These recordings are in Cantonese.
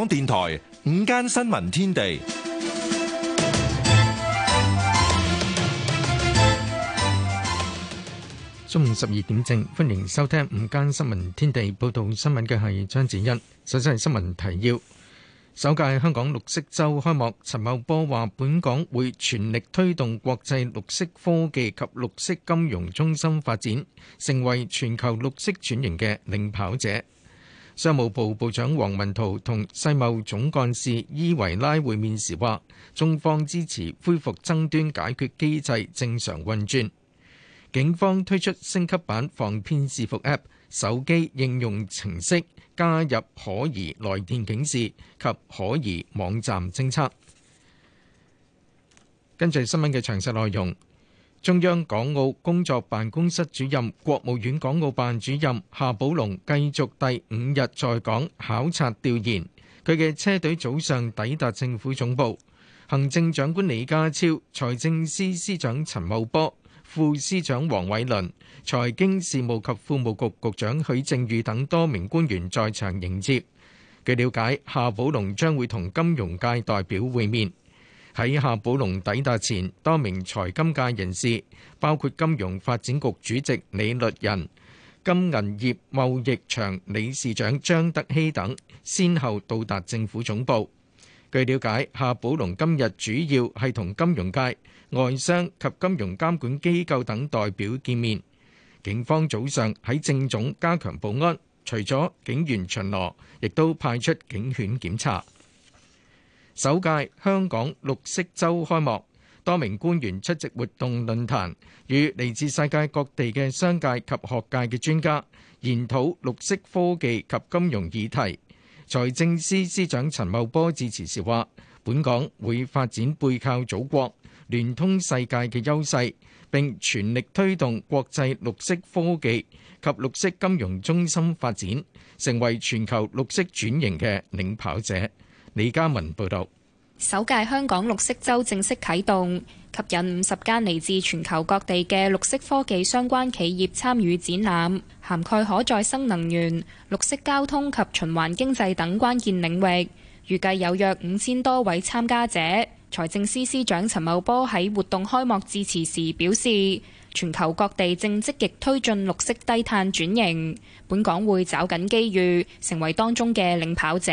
港電台午間新聞天地，中午十二點正，歡迎收聽午間新聞天地。報道新聞嘅係張子欣，首先係新聞提要：首屆香港綠色周開幕，陳茂波話，本港會全力推動國際綠色科技及綠色金融中心發展，成為全球綠色轉型嘅領跑者。商務部部長王文濤同世貿總幹事伊維拉會面時話，中方支持恢復爭端解決機制正常運轉。警方推出升級版防騙視伏 App 手機應用程式，加入可疑來電警示及可疑網站偵測。跟住新聞嘅詳細內容。中央港澳工作辦公室主任國務院港澳辦主任夏寶龍繼續第五日在港考察調研，佢嘅車隊早上抵達政府總部，行政長官李家超、財政司司長陳茂波、副司長黃偉綸、財經事務及副務局局長許正宇等多名官員在場迎接。據了解，夏寶龍將會同金融界代表會面。喺夏寶龍抵達前，多名財金界人士，包括金融發展局主席李律仁、金銀業貿易場理事長張德熙等，先後到達政府總部。據了解，夏寶龍今日主要係同金融界、外商及金融監管機構等代表見面。警方早上喺政總加強保安，除咗警員巡邏，亦都派出警犬檢查。首屆香港綠色週開幕，多名官員出席活動論壇，與嚟自世界各地嘅商界及學界嘅專家，研討綠色科技及金融議題。財政司司長陳茂波致辭時話，本港會發展背靠祖國、聯通世界嘅優勢，並全力推動國際綠色科技及綠色金融中心發展，成為全球綠色轉型嘅領跑者。李家文報道，首屆香港綠色週正式啟動，吸引五十間嚟自全球各地嘅綠色科技相關企業參與展覽，涵蓋可再生能源、綠色交通及循環經濟等關鍵領域。預計有約五千多位參加者。財政司司長陳茂波喺活動開幕致辭時表示，全球各地正積極推進綠色低碳轉型，本港會抓緊機遇，成為當中嘅領跑者。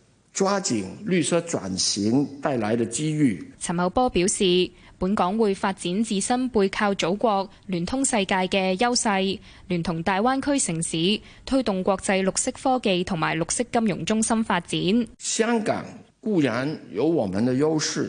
抓緊綠色轉型帶來的機遇，陳茂波表示，本港會發展自身背靠祖國、聯通世界嘅優勢，聯同大灣區城市推動國際綠色科技同埋綠色金融中心發展。香港固然有我們的優勢，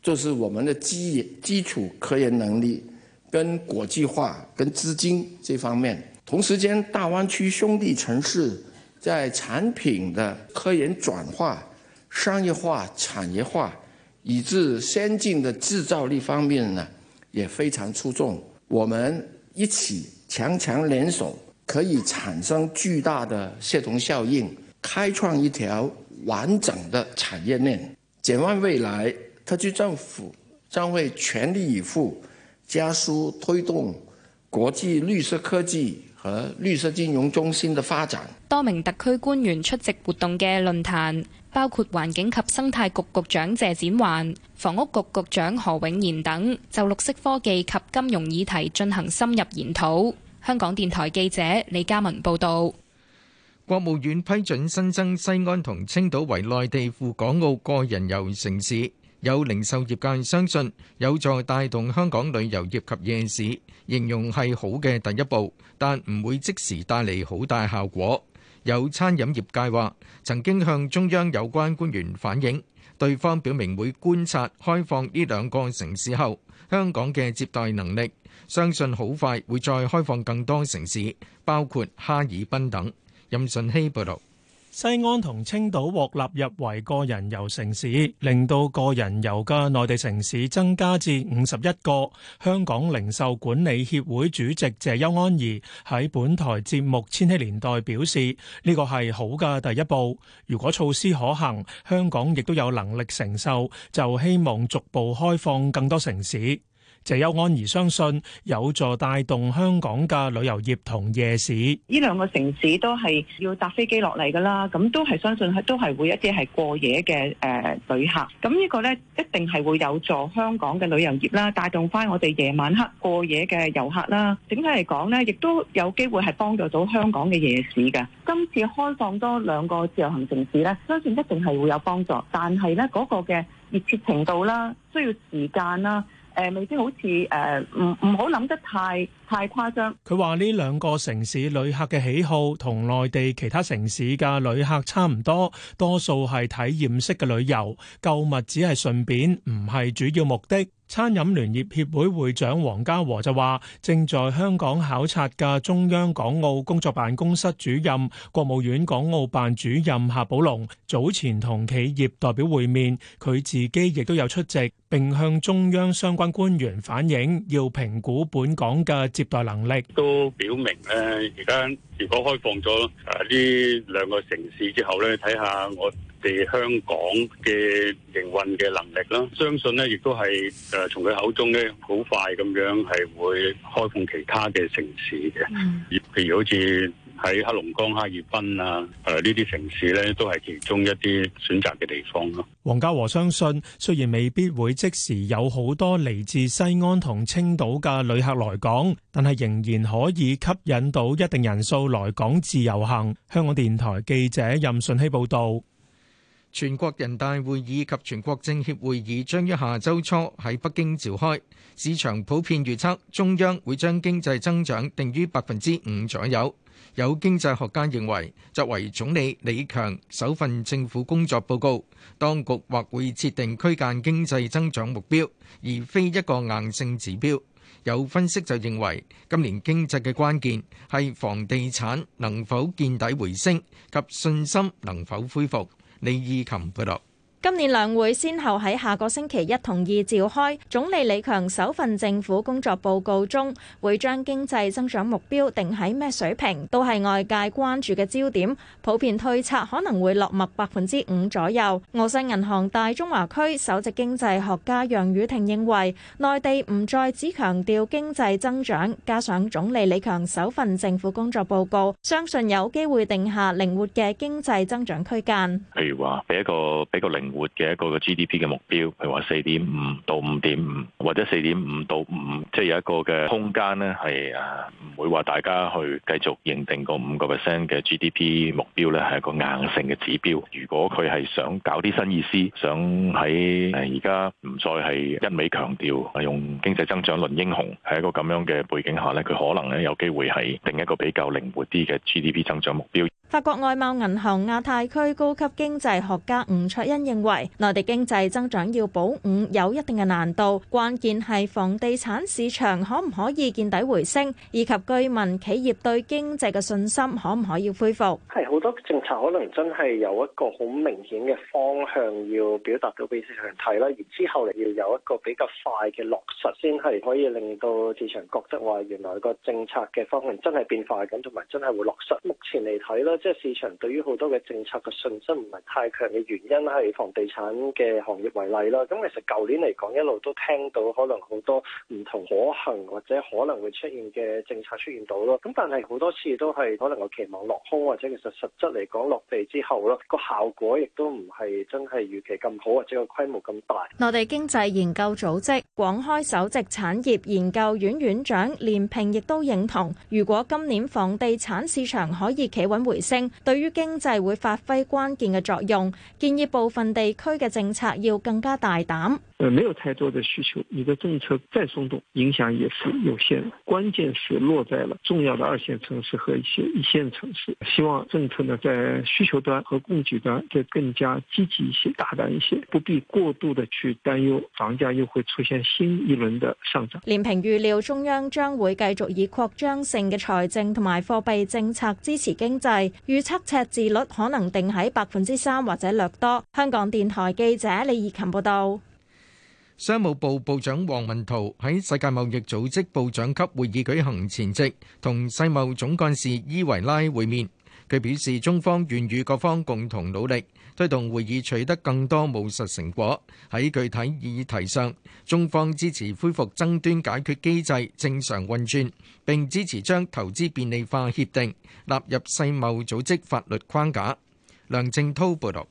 就是我們的基基礎科研能力跟國際化、跟資金這方面。同時間，大灣區兄弟城市。在產品的科研轉化、商業化、產業化，以至先進的製造力方面呢，也非常出眾。我們一起強強聯手，可以產生巨大的協同效應，開創一條完整的產業鏈。展望未來，特區政府將會全力以赴，加速推動國際綠色科技。誒，綠色金融中心的發展。多名特區官員出席活動嘅論壇，包括環境及生態局局長謝展環、房屋局局長何永賢等，就綠色科技及金融議題進行深入研討。香港電台記者李嘉文報道。國務院批准新增西安同青島為內地赴港澳個人遊城市。有零售業界相信有助帶動香港旅遊業及夜市，形容係好嘅第一步，但唔會即時帶嚟好大效果。有餐飲業界話，曾經向中央有關官員反映，對方表明會觀察開放呢兩個城市後，香港嘅接待能力，相信好快會再開放更多城市，包括哈爾濱等。任順希報道。西安同青島獲納入為個人遊城市，令到個人遊嘅內地城市增加至五十一個。香港零售管理協會主席謝優安怡喺本台節目《千禧年代》表示，呢個係好嘅第一步。如果措施可行，香港亦都有能力承受，就希望逐步開放更多城市。就有安而相信有助帶動香港嘅旅遊業同夜市，呢兩個城市都係要搭飛機落嚟噶啦，咁都係相信都係會一啲係過夜嘅誒旅客，咁呢個咧一定係會有助香港嘅旅遊業啦，帶動翻我哋夜晚黑過夜嘅遊客啦。整體嚟講咧，亦都有機會係幫助到香港嘅夜市嘅。今次開放多兩個自由行城市咧，相信一定係會有幫助，但係咧嗰個嘅熱切程度啦，需要時間啦。誒，未必好似誒，唔唔好諗得太太誇張。佢話呢兩個城市旅客嘅喜好同內地其他城市嘅旅客差唔多，多數係體驗式嘅旅遊，購物只係順便，唔係主要目的。餐飲聯業協會會長黃家和就話,正在香港考察嘅中央港澳工作辦公室主任,國務院港澳辦主任夏寶龍,早前同企業代表會面,佢自己亦都有出席,並向中央相關官員反映要評估本港嘅接待能力。都表明呢,而家如果開放咗誒呢兩個城市之後咧，睇下我哋香港嘅營運嘅能力啦，相信咧亦都係誒從佢口中咧好快咁樣係會開放其他嘅城市嘅，而、嗯、譬如好似。喺黑龍江哈爾濱啊，誒呢啲城市咧，都係其中一啲選擇嘅地方咯。黃家和相信，雖然未必會即時有好多嚟自西安同青島嘅旅客來港，但係仍然可以吸引到一定人數來港自由行。香港電台記者任順熙報道。全國人大會議及全國政協會議將於下周初喺北京召開，市場普遍預測中央會將經濟增長定於百分之五左右。有經濟學家認為，作為總理李強首份政府工作報告，當局或會設定區間經濟增長目標，而非一個硬性指標。有分析就認為，今年經濟嘅關鍵係房地產能否見底回升及信心能否恢復。李義琴報道。今年兩會先後喺下個星期一同二召開，總理李強首份政府工作報告中會將經濟增長目標定喺咩水平，都係外界關注嘅焦點活嘅一個嘅 GDP 嘅目標，譬如話四點五到五點五，或者四點五到五，即係有一個嘅空間咧，係啊唔會話大家去繼續認定個五個 percent 嘅 GDP 目標咧係一個硬性嘅指標。如果佢係想搞啲新意思，想喺而家唔再係一味強調係用經濟增長論英雄，係一個咁樣嘅背景下咧，佢可能咧有機會係定一個比較靈活啲嘅 GDP 增長目標。法國外貿銀行亞太區高級經濟學家吳卓恩認為，內地經濟增長要保五有一定嘅難度，關鍵係房地產市場可唔可以見底回升，以及居民企業對經濟嘅信心可唔可以恢復。係好多政策可能真係有一個好明顯嘅方向要表達到俾市場睇啦，然之後嚟，要有一個比較快嘅落實，先係可以令到市場覺得話原來個政策嘅方向真係變化緊，同埋真係會落實。目前嚟睇啦。即係市場對於好多嘅政策嘅信心唔係太強嘅原因，以房地產嘅行業為例啦。咁其實舊年嚟講一路都聽到可能好多唔同可行或者可能會出現嘅政策出現到咯。咁但係好多次都係可能個期望落空，或者其實實質嚟講落地之後咯，個效果亦都唔係真係預期咁好，或者個規模咁大。內地經濟研究組織廣開首席產業研究院院長連平亦都認同，如果今年房地產市場可以企穩回。對於經濟會發揮關鍵嘅作用，建議部分地區嘅政策要更加大膽。誒，沒有太多嘅需求，你的政策再鬆動，影響也是有限。關鍵是落在了重要的二線城市和一些一線城市。希望政策呢，在需求端和供給端，再更加積極一些、大膽一些，不必過度的去擔憂房價又會出現新一輪的上漲。連平預料，中央將會繼續以擴張性嘅財政同埋貨幣政策支持經濟。預測赤字率可能定喺百分之三或者略多。香港電台記者李怡琴報導，商務部部長王文濤喺世界貿易組織部長級會議舉行前夕，同世貿總幹事伊維拉會面。佢表示，中方願與各方共同努力。推動會議取得更多務實成果。喺具體議題上，中方支持恢復爭端解決機制正常運轉，並支持將投資便利化協定納入世貿組織法律框架。梁正滔報導，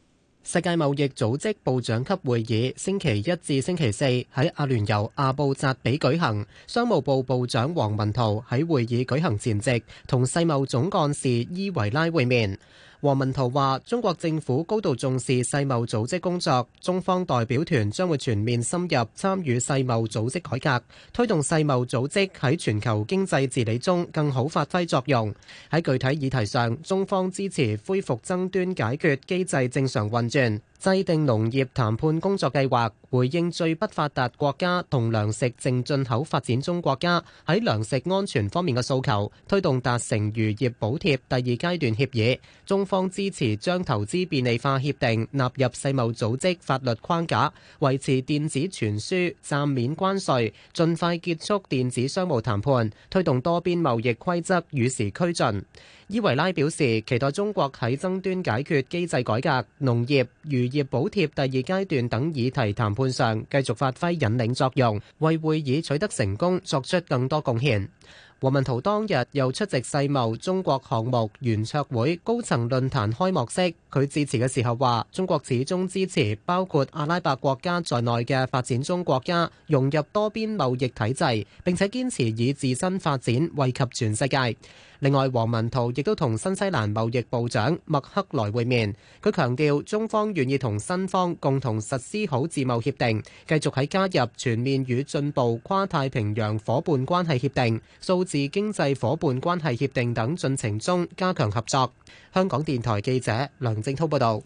世界貿易組織部長級會議星期一至星期四喺阿聯酋阿布扎比舉行。商務部部長王文濤喺會議舉行前夕同世貿總幹事伊維拉會面。王文濤話，中國政府高度重視世貿組織工作，中方代表團將會全面深入參與世貿組織改革，推動世貿組織喺全球經濟治理中更好發揮作用。喺具體議題上，中方支持恢復爭端解決機制正常運轉。制定農業談判工作計劃，回應最不發達國家同糧食淨進口發展中國家喺糧食安全方面嘅訴求，推動達成漁業補貼第二階段協議，中方支持將投資便利化協定納入世貿組織法律框架，維持電子傳輸暫免關稅，盡快結束電子商務談判，推動多邊貿易規則與時俱進。伊維拉表示，期待中國喺爭端解決機制改革、農業、漁業補貼第二階段等議題談判上，繼續發揮引領作用，為會議取得成功作出更多貢獻。王文濤當日又出席世貿中國項目圓桌會高層論壇開幕式，佢致辭嘅時候話：中國始終支持包括阿拉伯國家在內嘅發展中國家融入多邊貿易體制，並且堅持以自身發展惠及全世界。另外，黃文濤亦都同新西蘭貿易部長麥克萊會面，佢強調中方願意同新方共同實施好自貿協定，繼續喺加入全面與進步跨太平洋夥伴關係協定、數字經濟夥伴關係協定等進程中加強合作。香港電台記者，梁正濤報道。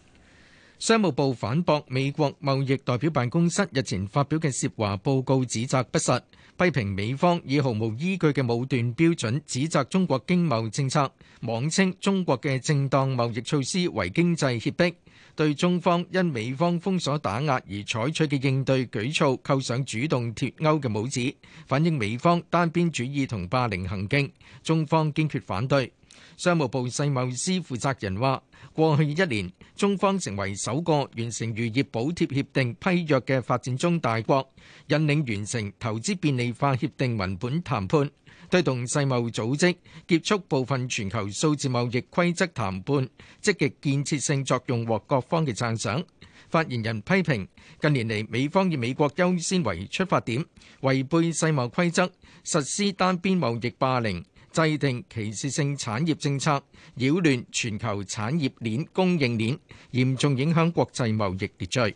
商務部反駁美國貿易代表辦公室日前發表嘅涉華報告，指責不實，批評美方以毫無依據嘅武斷標準指責中國經貿政策，妄稱中國嘅正當貿易措施為經濟脅迫，對中方因美方封鎖打壓而採取嘅應對舉措，扣上主動脫鈎嘅帽子，反映美方單邊主義同霸凌行徑，中方堅決反對。商務部世貿司負責人話，過去一年，中方成為首個完成漁業補貼協定批約嘅發展中大國，引領完成投資便利化協定文本談判，推動世貿組織結束部分全球數字貿易規則談判，積極建設性作用獲各方嘅讚賞。發言人批評，近年嚟，美方以美國優先為出發點，違背世貿規則，實施單邊貿易霸凌。制定歧視性產業政策，擾亂全球產業鏈供應鏈，嚴重影響國際貿易秩序。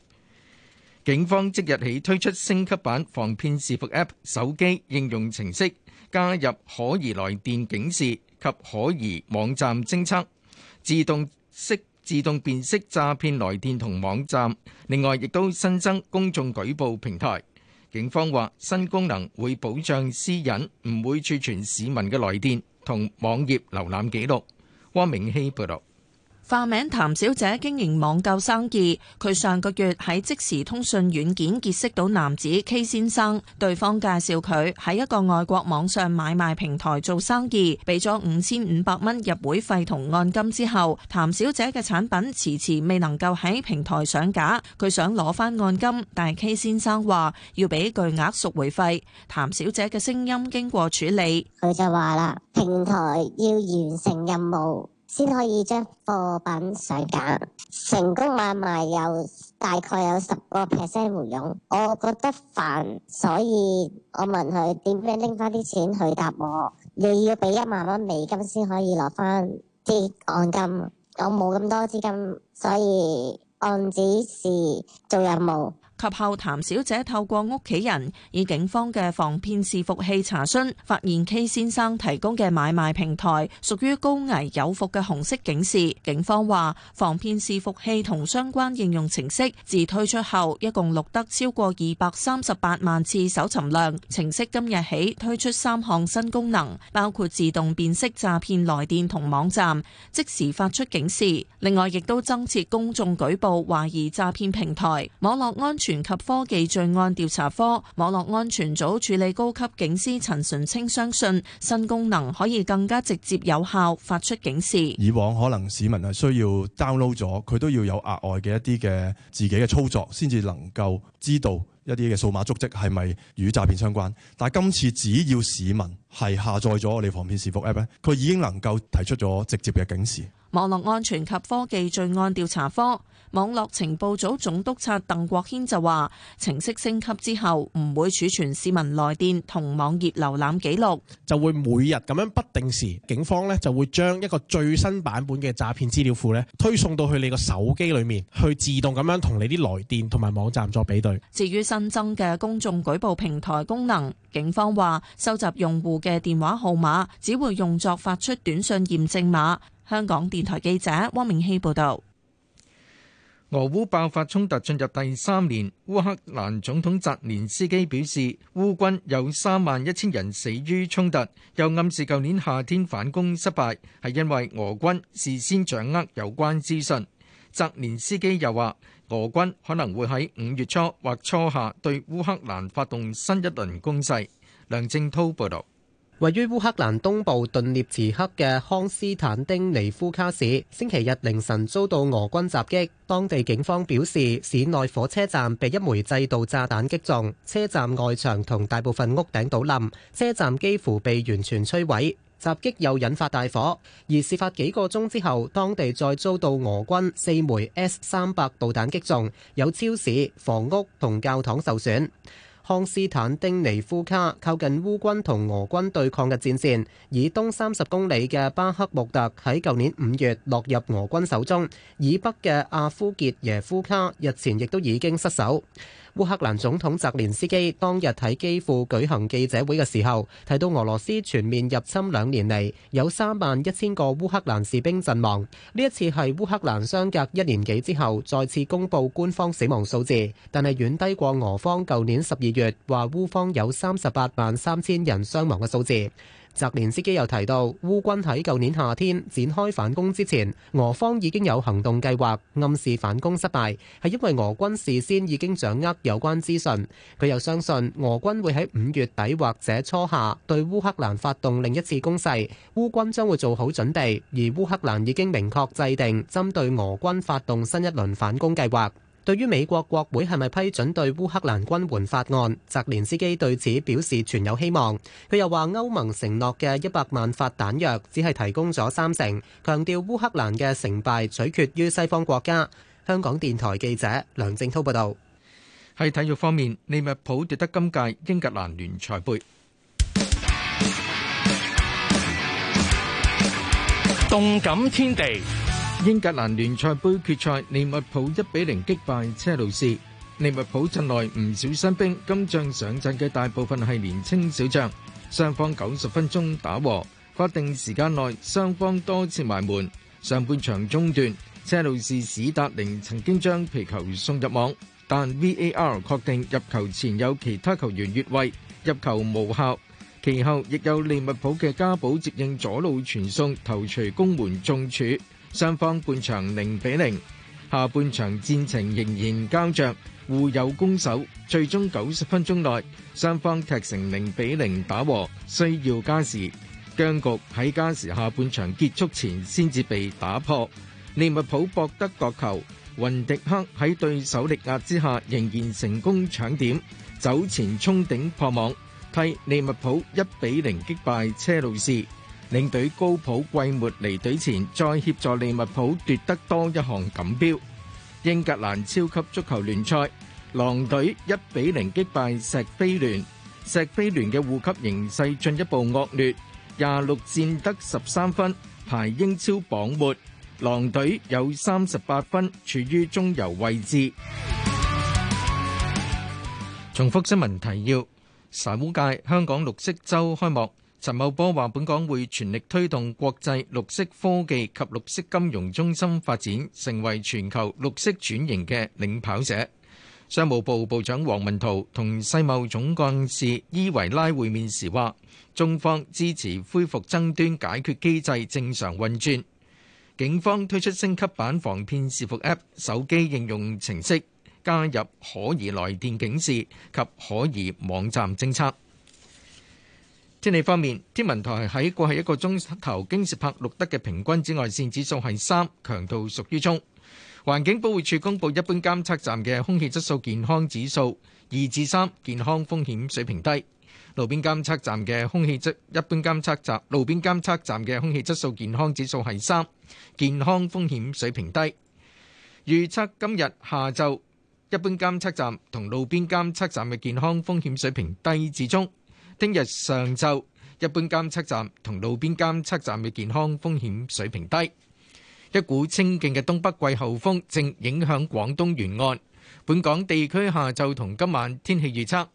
警方即日起推出升級版防騙視伏 App 手機應用程式，加入可疑來電警示及可疑網站偵測，自動識自動辨識詐騙來電同網站。另外，亦都新增公眾舉報平台。警方話新功能會保障私隱，唔會儲存市民嘅來電同網頁瀏覽記錄。汪明希報道。化名譚小姐經營網購生意，佢上個月喺即時通訊軟件結識到男子 K 先生，對方介紹佢喺一個外國網上買賣平台做生意，俾咗五千五百蚊入會費同按金之後，譚小姐嘅產品遲遲未能夠喺平台上架，佢想攞翻按金，但係 K 先生話要俾巨額贖回費。譚小姐嘅聲音經過處理，佢就話啦：平台要完成任務。先可以將貨品上架，成功買賣有大概有十個 percent 回佣，我覺得煩，所以我問佢點樣拎翻啲錢，佢答我，你要俾一萬蚊美金先可以攞翻啲按金，我冇咁多資金，所以按指示做任務。及後，譚小姐透過屋企人以警方嘅防騙視伏器查詢，發現 K 先生提供嘅買賣平台屬於高危有伏嘅紅色警示。警方話，防騙視伏器同相關應用程式自推出後，一共錄得超過二百三十八萬次搜尋量。程式今日起推出三項新功能，包括自動辨識詐騙來電同網站，即時發出警示。另外，亦都增設公眾舉報懷疑詐騙平台網絡安全。全及科技罪案調查科網絡安全組處理高級警司陳純清相信新功能可以更加直接有效發出警示。以往可能市民係需要 download 咗，佢都要有額外嘅一啲嘅自己嘅操作，先至能夠知道一啲嘅數碼足迹係咪與詐騙相關。但係今次只要市民係下載咗我哋防騙視伏 app 咧，佢已經能夠提出咗直接嘅警示。網絡安全及科技罪案調查科網絡情報組總督察鄧國軒就話，程式升級之後唔會儲存市民來電同網頁瀏覽記錄，就會每日咁樣不定時，警方呢就會將一個最新版本嘅詐騙資料庫呢推送到去你個手機裏面，去自動咁樣同你啲來電同埋網站作比對。至於新增嘅公眾舉報平台功能，警方話收集用戶嘅電話號碼只會用作發出短信驗證碼。香港電台記者汪明熙報道，俄烏爆發衝突進入第三年，烏克蘭總統澤連斯基表示，烏軍有三萬一千人死於衝突，又暗示舊年夏天反攻失敗係因為俄軍事先掌握有關資訊。澤連斯基又話，俄軍可能會喺五月初或初夏對烏克蘭發動新一輪攻勢。梁正濤報道。位於烏克蘭東部頓涅茨克嘅康斯坦丁尼夫卡市，星期日凌晨遭到俄軍襲擊。當地警方表示，市內火車站被一枚制導炸彈擊中，車站外牆同大部分屋頂倒冧，車站幾乎被完全摧毀。襲擊又引發大火，而事發幾個鐘之後，當地再遭到俄軍四枚 S 三百導彈擊中，有超市、房屋同教堂受損。康斯坦丁尼夫卡靠近烏軍同俄軍對抗嘅戰線，以東三十公里嘅巴克穆特喺舊年五月落入俄軍手中，以北嘅阿夫杰耶夫卡日前亦都已經失守。烏克蘭總統澤連斯基當日喺基輔舉行記者會嘅時候，提到俄羅斯全面入侵兩年嚟有三萬一千個烏克蘭士兵陣亡。呢一次係烏克蘭相隔一年幾之後再次公布官方死亡數字，但係遠低過俄方舊年十二月話烏方有三十八萬三千人傷亡嘅數字。澤連斯基又提到，烏軍喺舊年夏天展開反攻之前，俄方已經有行動計劃暗示反攻失敗，係因為俄軍事先已經掌握有關資訊，佢又相信俄軍會喺五月底或者初夏對烏克蘭發動另一次攻勢，烏軍將會做好準備，而烏克蘭已經明確制定針對俄軍發動新一輪反攻計劃。對於美國國會係咪批准對烏克蘭軍援法案，澤連斯基對此表示存有希望。佢又話歐盟承諾嘅一百萬發彈藥只係提供咗三成，強調烏克蘭嘅成敗取決於西方國家。香港電台記者梁正滔報導。喺體育方面，利物浦奪得今屆英格蘭聯賽盃。動感天地。英格蘭聯賽盃決賽，利物浦一比零擊敗車路士。利物浦陣內唔少新兵，今仗上陣嘅大部分係年輕小將。雙方九十分鐘打和，法定時間內雙方多次埋門。上半場中段，車路士史達寧曾經將皮球送入網，但 VAR 確定入球前有其他球員越位，入球無效。其後亦有利物浦嘅加寶接應左路傳送頭錘攻門中柱。雙方半場零比零，下半場戰情仍然膠着，互有攻守。最終九十分鐘內，雙方踢成零比零打和，需要加時。僵局喺加時下半場結束前先至被打破。利物浦博得角球，雲迪克喺對手力壓之下仍然成功搶點，走前衝頂破網，替利物浦一比零擊敗車路士。領隊高普季末離隊前，再協助利物浦奪得多一項錦標。英格蘭超級足球聯賽，狼隊一比零擊敗石飛聯，石飛聯嘅護級形勢進一步惡劣，廿六戰得十三分，排英超榜末。狼隊有三十八分，處於中游位置。重複新聞提要：沙烏界香港綠色周開幕。防騙視服 app 手機應用程式加入可疑來電警示，及可疑網站偵測。天氣方面，天文台喺過去一個鐘頭經攝拍錄得嘅平均紫外線指數係三，強度屬於中。環境保護署公布一般監測站嘅空氣質素健康指數二至三，健康風險水平低。路邊監測站嘅空氣質一般監測站路邊監測站嘅空氣質素健康指數係三，健康風險水平低。預測今日下晝一般監測站同路邊監測站嘅健康風險水平低至中。聽日上晝，一般監測站同路邊監測站嘅健康風險水平低。一股清勁嘅東北季候風正影響廣東沿岸。本港地區下晝同今晚天氣預測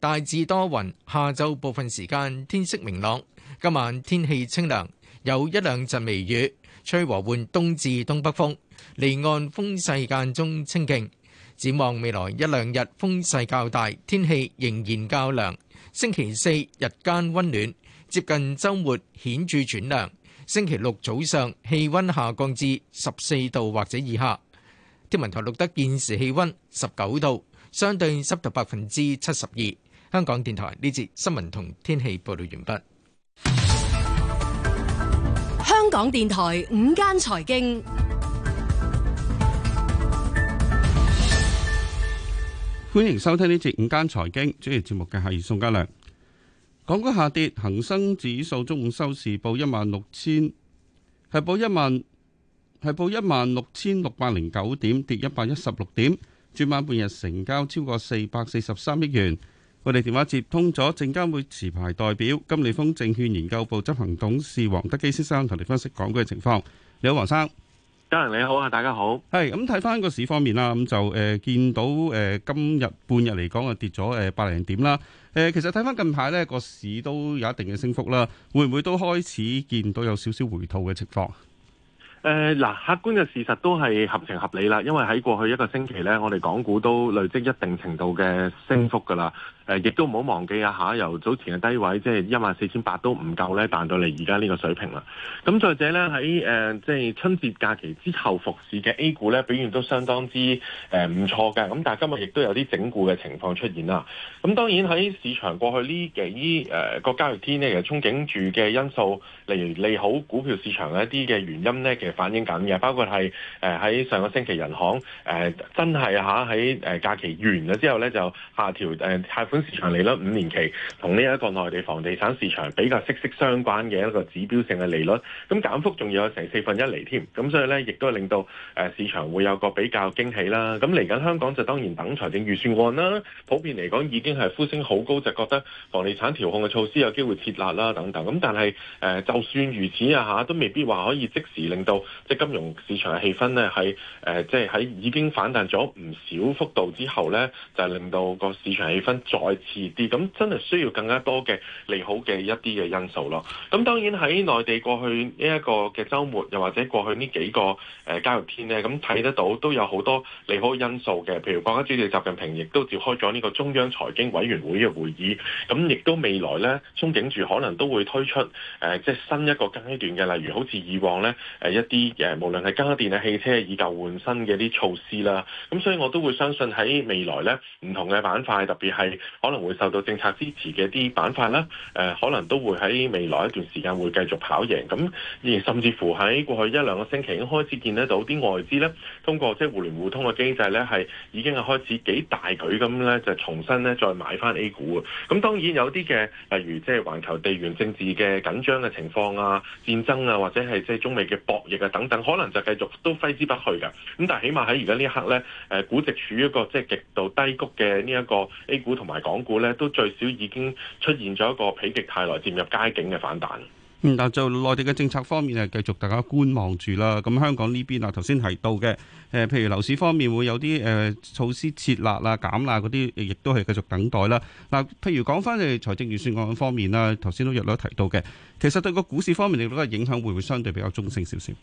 大致多雲，下晝部分時間天色明朗，今晚天氣清涼，有一兩陣微雨，吹和緩東至東北風，離岸風勢間中清勁。展望未來一兩日風勢較大，天氣仍然較涼。星期四日間溫暖，接近周末顯著轉涼。星期六早上氣溫下降至十四度或者以下。天文台錄得現時氣溫十九度，相對濕度百分之七十二。香港電台呢節新聞同天氣報道完畢。香港電台午間財經。歡迎收聽呢節午間財經，主持節目嘅係宋家良。港股下跌，恒生指數中午收市報一萬六千，係報一萬係報一萬六千六百零九點，跌一百一十六點。轉晚半日成交超過四百四十三億元。我哋電話接通咗證監會持牌代表金利豐證券研究部執行董事黃德基先生，同你分析港股嘅情況。你好，黃生。家人，你好啊，大家好。係咁睇翻個市方面啦，咁就誒、呃、見到誒、呃、今日半日嚟講啊，跌咗誒百零點啦。誒、呃，其實睇翻近排咧個市都有一定嘅升幅啦，會唔會都開始見到有少少回吐嘅情況？誒，嗱，客觀嘅事實都係合情合理啦，因為喺過去一個星期咧，我哋港股都累積一定程度嘅升幅噶啦。嗯。誒，亦都唔好忘記啊！下由早前嘅低位，即係一萬四千八都唔夠咧彈到嚟而家呢個水平啦。咁再者咧，喺誒，即係春節假期之後復市嘅 A 股咧表現都相當之誒唔錯嘅。咁但係今日亦都有啲整固嘅情況出現啦。咁當然喺市場過去呢幾誒個交易天呢，其實憧憬住嘅因素，例如利好股票市場一啲嘅原因咧，其實反映緊嘅，包括係誒喺上個星期人行誒真係嚇喺假期完咗之後咧就下調市場利率五年期同呢一個內地房地產市場比較息息相關嘅一個指標性嘅利率，咁減幅仲有成四分一厘添，咁所以呢，亦都令到誒、呃、市場會有個比較驚喜啦。咁嚟緊香港就當然等財政預算案啦，普遍嚟講已經係呼聲好高，就覺得房地產調控嘅措施有機會設立啦等等。咁但係誒、呃、就算如此啊嚇，都未必話可以即時令到即係金融市場嘅氣氛呢，係誒即係喺已經反彈咗唔少幅度之後呢，就令到個市場氣氛再遲啲，咁真係需要更加多嘅利好嘅一啲嘅因素咯。咁當然喺內地過去呢一個嘅週末，又或者過去呢幾個交易天咧，咁睇得到都有好多利好因素嘅。譬如國家主席習近平亦都召開咗呢個中央財經委員會嘅會議，咁亦都未來咧，憧憬住可能都會推出即係新一個階段嘅，例如好似以往咧一啲嘅無論係家電啊、汽車以舊換新嘅啲措施啦。咁所以我都會相信喺未來咧唔同嘅板塊，特別係。可能會受到政策支持嘅啲板塊啦，誒、呃、可能都會喺未來一段時間會繼續跑贏，咁而甚至乎喺過去一兩個星期已經開始見得到啲外資咧，通過即係互聯互通嘅機制咧，係已經係開始幾大舉咁咧，就重新咧再買翻 A 股。咁當然有啲嘅，例如即係環球地緣政治嘅緊張嘅情況啊、戰爭啊，或者係即係中美嘅博弈啊等等，可能就繼續都揮之不去嘅。咁但係起碼喺而家呢一刻咧，誒、呃、估值處於一個即係極度低谷嘅呢一個 A 股同埋。港股咧都最少已經出現咗一個否極泰來漸入佳境嘅反彈。嗯，嗱，就內地嘅政策方面係繼續大家觀望住啦。咁香港呢邊啊，頭先提到嘅、呃。譬如樓市方面會有啲、呃、措施設立啊減啦嗰啲，亦都係繼續等待啦。嗱、呃，譬如講翻係財政預算案方面啦，頭先都約略提到嘅，其實對個股市方面亦都影響會唔會相對比較中性少少？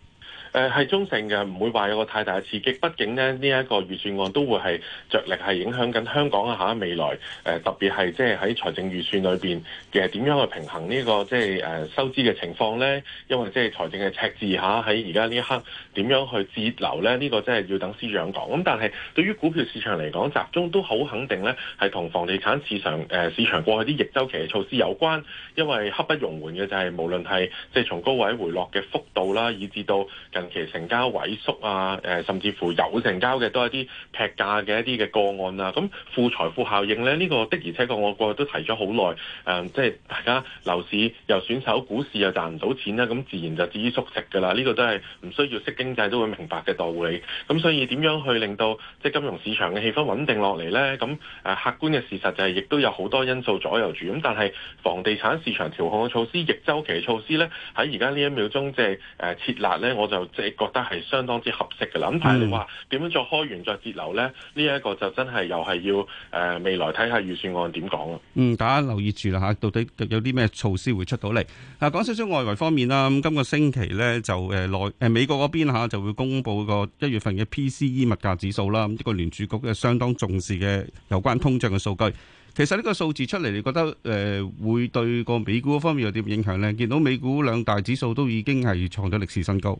誒係中性嘅，唔會話有個太大嘅刺激。畢竟呢，呢、這、一個預算案都會係着力係影響緊香港啊！嚇未來誒、呃，特別係即係喺財政預算裏邊嘅其實點樣去平衡呢、這個即係誒收支嘅情況咧。因為即係財政嘅赤字嚇，喺而家呢一刻點樣去節流咧？呢、這個真係要等司長講。咁但係對於股票市場嚟講，集中都好肯定咧，係同房地產市場誒、呃、市場過去啲逆周期嘅措施有關。因為刻不容緩嘅就係、是、無論係即係從高位回落嘅幅度啦，以至到。長期成交萎縮啊，誒甚至乎有成交嘅都係啲劈價嘅一啲嘅個案啊。咁負財富效應咧，呢、這個的而且確我過去都提咗好耐。誒、嗯，即、就、係、是、大家樓市又選手，股市又賺唔到錢啦、啊，咁自然就至於縮食㗎喇。呢、這個都係唔需要識經濟都會明白嘅道理。咁所以點樣去令到即係、就是、金融市場嘅氣氛穩定落嚟咧？咁誒客觀嘅事實就係亦都有好多因素左右住。咁但係房地產市場調控嘅措施，逆週期嘅措施咧，喺而家呢一秒鐘即係誒設立咧，我就。即係覺得係相當之合適嘅啦。咁但係你話點樣開完再開源再節流咧？呢、嗯、一、這個就真係又係要誒、呃、未來睇下預算案點講啦。嗯，大家留意住啦嚇，到底有啲咩措施會出到嚟？嗱、啊，講少少外圍方面啦。咁、嗯、今個星期咧就誒內誒美國嗰邊嚇、啊、就會公布個一月份嘅 P.C.E 物價指數啦。咁、嗯、呢個聯儲局嘅相當重視嘅有關通脹嘅數據。嗯、其實呢個數字出嚟，你覺得誒、呃、會對個美股方面有啲咩影響咧？見到美股兩大指數都已經係創咗歷史新高。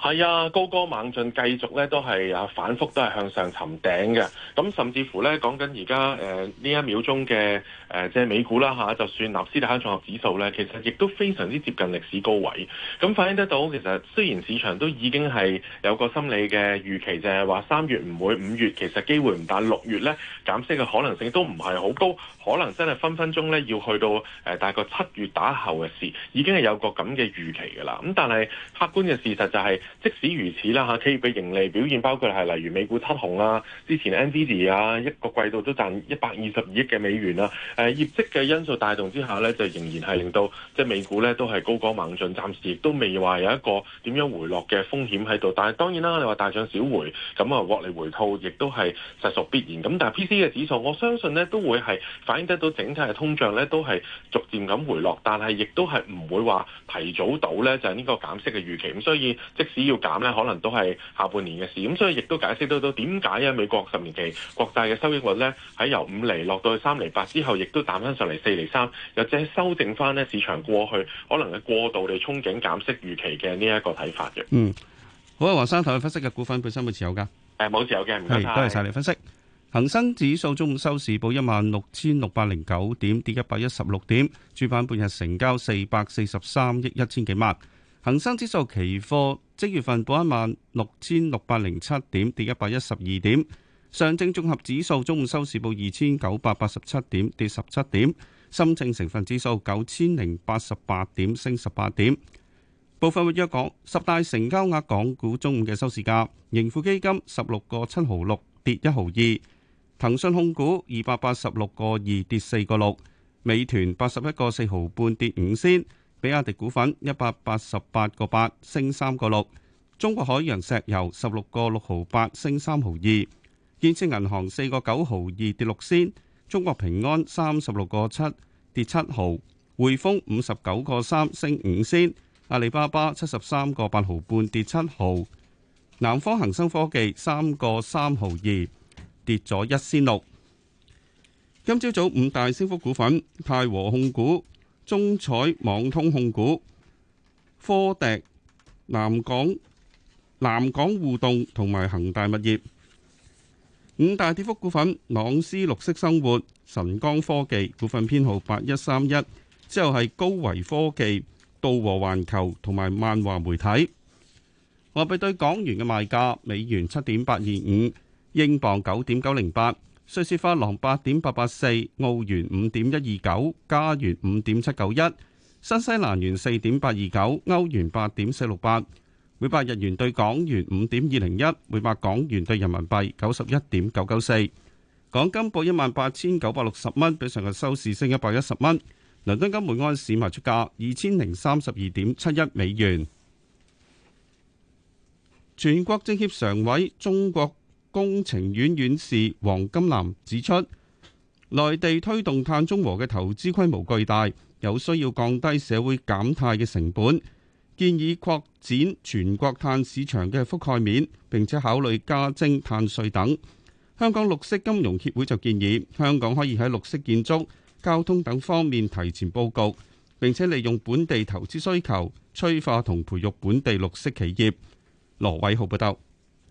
係啊，高歌猛進，繼續咧都係啊反覆都係向上尋頂嘅。咁甚至乎咧講緊而家誒呢一秒鐘嘅誒即係美股啦嚇，就算納斯達克綜合指數咧，其實亦都非常之接近歷史高位。咁反映得到，其實雖然市場都已經係有個心理嘅預期，就係話三月唔會，五月其實機會唔大，六月咧減息嘅可能性都唔係好高，可能真係分分鐘咧要去到誒大概七月打後嘅事，已經係有個咁嘅預期噶啦。咁但係客觀嘅事實就係、是。即使如此啦嚇，企業嘅盈利表現包括係例如美股七雄啦，之前 NVD 啊一個季度都賺一百二十二億嘅美元啦。誒業績嘅因素帶動之下咧，就仍然係令到即係、就是、美股咧都係高歌猛進，暫時亦都未話有一個點樣回落嘅風險喺度。但係當然啦，你話大漲小回咁啊，獲利回吐亦都係實屬必然。咁但係 PC 嘅指數，我相信咧都會係反映得到整體嘅通脹咧都係逐漸咁回落，但係亦都係唔會話提早到咧就係呢個減息嘅預期。咁所以即只要減呢，可能都係下半年嘅事。咁所以亦都解釋得到點解啊，美國十年期國債嘅收益率呢，喺由五厘落到去三厘八之後，亦都彈翻上嚟四厘三，又即係修正翻呢市場過去可能嘅過度嘅憧憬減息預期嘅呢一個睇法嘅。嗯，好啊，華生，同下分析嘅股份本身會持有噶？誒冇持有嘅。係，多謝曬你分析。恒生指數中午收市報一萬六千六百零九點，跌一百一十六點。主板半日成交四百四十三億一千幾萬。恒生指數期貨。即月份報一萬六千六百零七點，跌一百一十二點。上證綜合指數中午收市報二千九百八十七點，跌十七點。深證成分指數九千零八十八點，升十八點。部分活躍股十大成交額港股中午嘅收市價：盈富基金十六個七毫六，跌一毫二；騰訊控股二百八十六個二，跌四個六；美團八十一個四毫半，跌五仙。比亞迪股份一百八十八個八升三個六，中國海洋石油十六個六毫八升三毫二，建設銀行四個九毫二跌六仙，中國平安三十六個七跌七毫，匯豐五十九個三升五仙，阿里巴巴七十三個八毫半跌七毫，南方恒生科技三個三毫二跌咗一仙六。今朝早五大升幅股份，泰和控股。中彩網通控股、科迪、南港、南港互動同埋恒大物業。五大跌幅股份：朗詩綠色生活、晨光科技股份編號八一三一，之後係高維科技、道和環球同埋萬華媒體。外幣對港元嘅賣價：美元七點八二五，英鎊九點九零八。瑞士法郎八點八八四，澳元五點一二九，加元五點七九一，新西蘭元四點八二九，歐元八點四六八，每百日元對港元五點二零一，每百港元對人民幣九十一點九九四。港金報一萬八千九百六十蚊，比上日收市升一百一十蚊。倫敦金每安士賣出價二千零三十二點七一美元。全國政協常委，中國工程院院士黃金南指出，內地推動碳中和嘅投資規模巨大，有需要降低社會減碳嘅成本，建議擴展全國碳市場嘅覆蓋面，並且考慮加徵碳稅等。香港綠色金融協會就建議，香港可以喺綠色建築、交通等方面提前佈局，並且利用本地投資需求，催化同培育本地綠色企業。羅偉浩報道。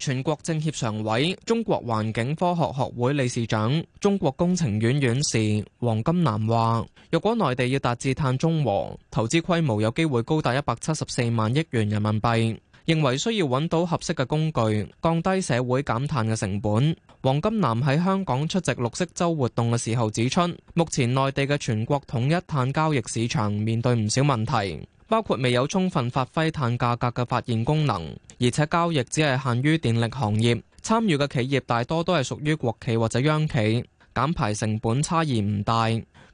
全國政協常委、中國環境科學學會理事長、中國工程院院士黃金南話：若果內地要達至碳中和，投資規模有機會高達一百七十四萬億元人民幣。認為需要揾到合適嘅工具，降低社會減碳嘅成本。黃金南喺香港出席綠色周活動嘅時候指出，目前內地嘅全國統一碳交易市場面對唔少問題。包括未有充分發揮碳價格嘅發現功能，而且交易只係限於電力行業，參與嘅企業大多都係屬於國企或者央企，減排成本差異唔大。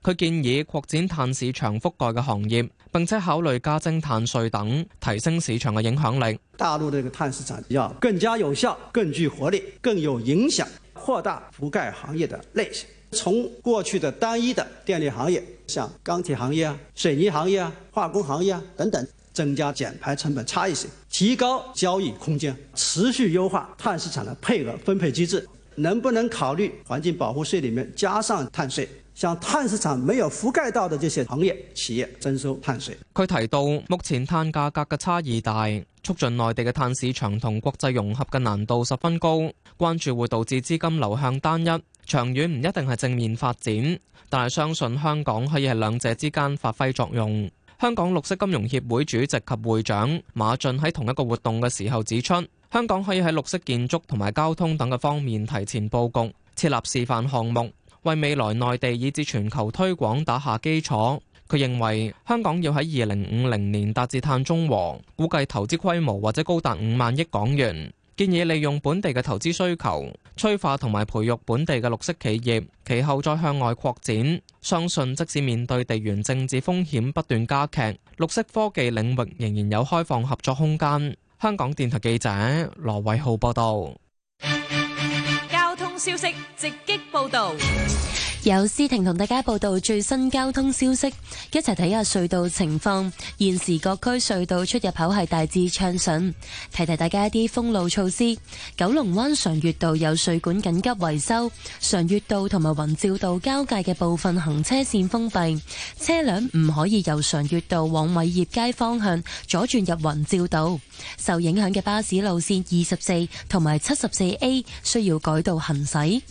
佢建議擴展碳市場覆蓋嘅行業，並且考慮加徵碳稅等，提升市場嘅影響力。大陸嘅碳市場要更加有效、更具活力、更有影響，擴大覆蓋行業嘅類型。從過去的單一的電力行業，像鋼鐵行業啊、水泥行業啊、化工行業啊等等，增加減排成本差異性，提高交易空間，持續優化碳市場的配額分配機制，能不能考慮環境保護稅裏面加上碳稅？向碳市場沒有覆蓋到的這些行業企業徵收碳稅。佢提到目前碳價格嘅差異大，促進內地嘅碳市場同國際融合嘅難度十分高，關注會導致資金流向單一。長遠唔一定係正面發展，但係相信香港可以喺兩者之間發揮作用。香港綠色金融協會主席及會長馬駿喺同一個活動嘅時候指出，香港可以喺綠色建築同埋交通等嘅方面提前佈局，設立示範項目，為未來內地以至全球推廣打下基礎。佢認為香港要喺二零五零年達至碳中和，估計投資規模或者高達五萬億港元，建議利用本地嘅投資需求。催化同埋培育本地嘅綠色企業，其後再向外擴展。相信即使面對地緣政治風險不斷加劇，綠色科技領域仍然有開放合作空間。香港電台記者羅偉浩報道。交通消息直擊報道。由司婷同大家報道最新交通消息，一齊睇下隧道情況。現時各區隧道出入口係大致暢順，提提大家一啲封路措施。九龍灣常悅道有水管緊急維修，常悅道同埋雲照道交界嘅部分行車線封閉，車輛唔可以由常悅道往偉業街方向左轉入雲照道。受影響嘅巴士路綫二十四同埋七十四 A 需要改道行駛。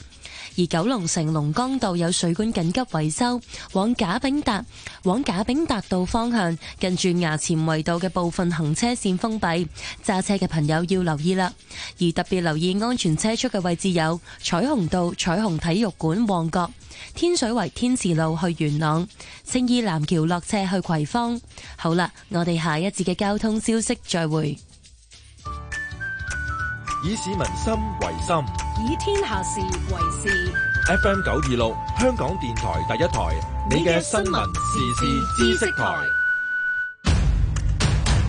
而九龍城龍江道有水管緊急維修,往賈炳達,往賈炳達道方向,近住衙前圍道的部分行車線封閉,揸車嘅朋友要留意啦,而特別留意安全車速嘅位置有,彩虹道,彩虹體育館旺角,天水圍天慈路去元朗,青衣南橋落車去葵芳,好啦,我哋下一節嘅交通消息再會。以市民心為心。以天下事為事。FM 九二六，香港電台第一台，你嘅新聞、時事、知識台。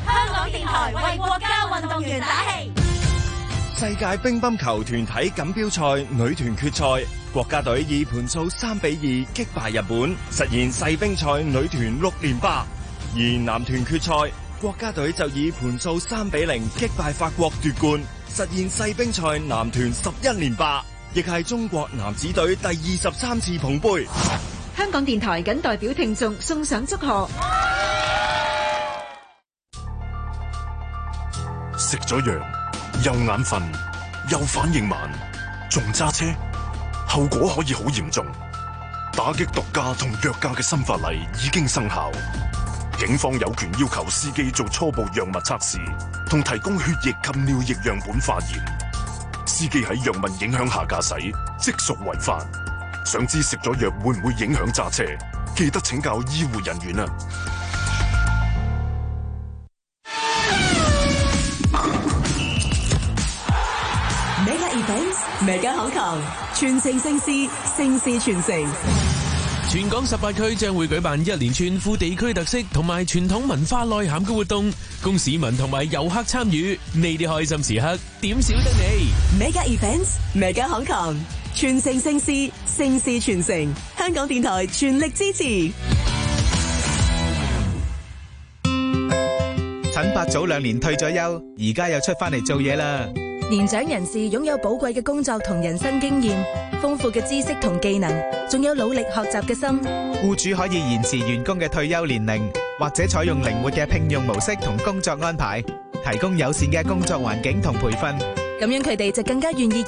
香港電台為國家運動員打氣。世界乒乓球團體錦標賽女團決賽，國家隊以盤數三比二擊敗日本，實現世乒賽女團六連霸。而男團決賽。國家隊就以盤數三比零擊敗法國奪冠，實現世兵賽男團十一連霸，亦係中國男子隊第二十三次捧杯。香港電台謹代表聽眾送上祝賀。食咗藥又眼瞓又反應慢，仲揸車，後果可以好嚴重。打擊毒駕同藥價嘅新法例已經生效。警方有權要求司機做初步藥物測試，同提供血液及尿液樣本化驗。司機喺藥物影響下駕駛，即屬違法。想知食咗藥會唔會影響揸車？記得請教醫護人員啊！Mega Events，Mega Hong Kong，傳承盛世，盛世傳承。全港十八區將會舉辦一連串富地區特色同埋傳統文化內涵嘅活動，供市民同埋遊客參與。呢啲開心時刻，點少得你？Mega events，Mega 香港，傳承盛事，盛事傳承。香港電台全力支持。陳伯早兩年退咗休，而家又出翻嚟做嘢啦。年長人士擁有寶貴嘅工作同人生經驗，豐富嘅知識同技能，仲有努力學習嘅心。僱主可以延遲員工嘅退休年齡，或者採用靈活嘅聘用模式同工作安排，提供友善嘅工作環境同培訓，咁樣佢哋就更加願意。